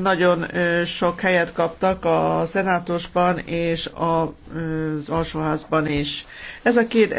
Nagyon sok helyet kaptak a szenátusban és az alsóházban is. Ez a két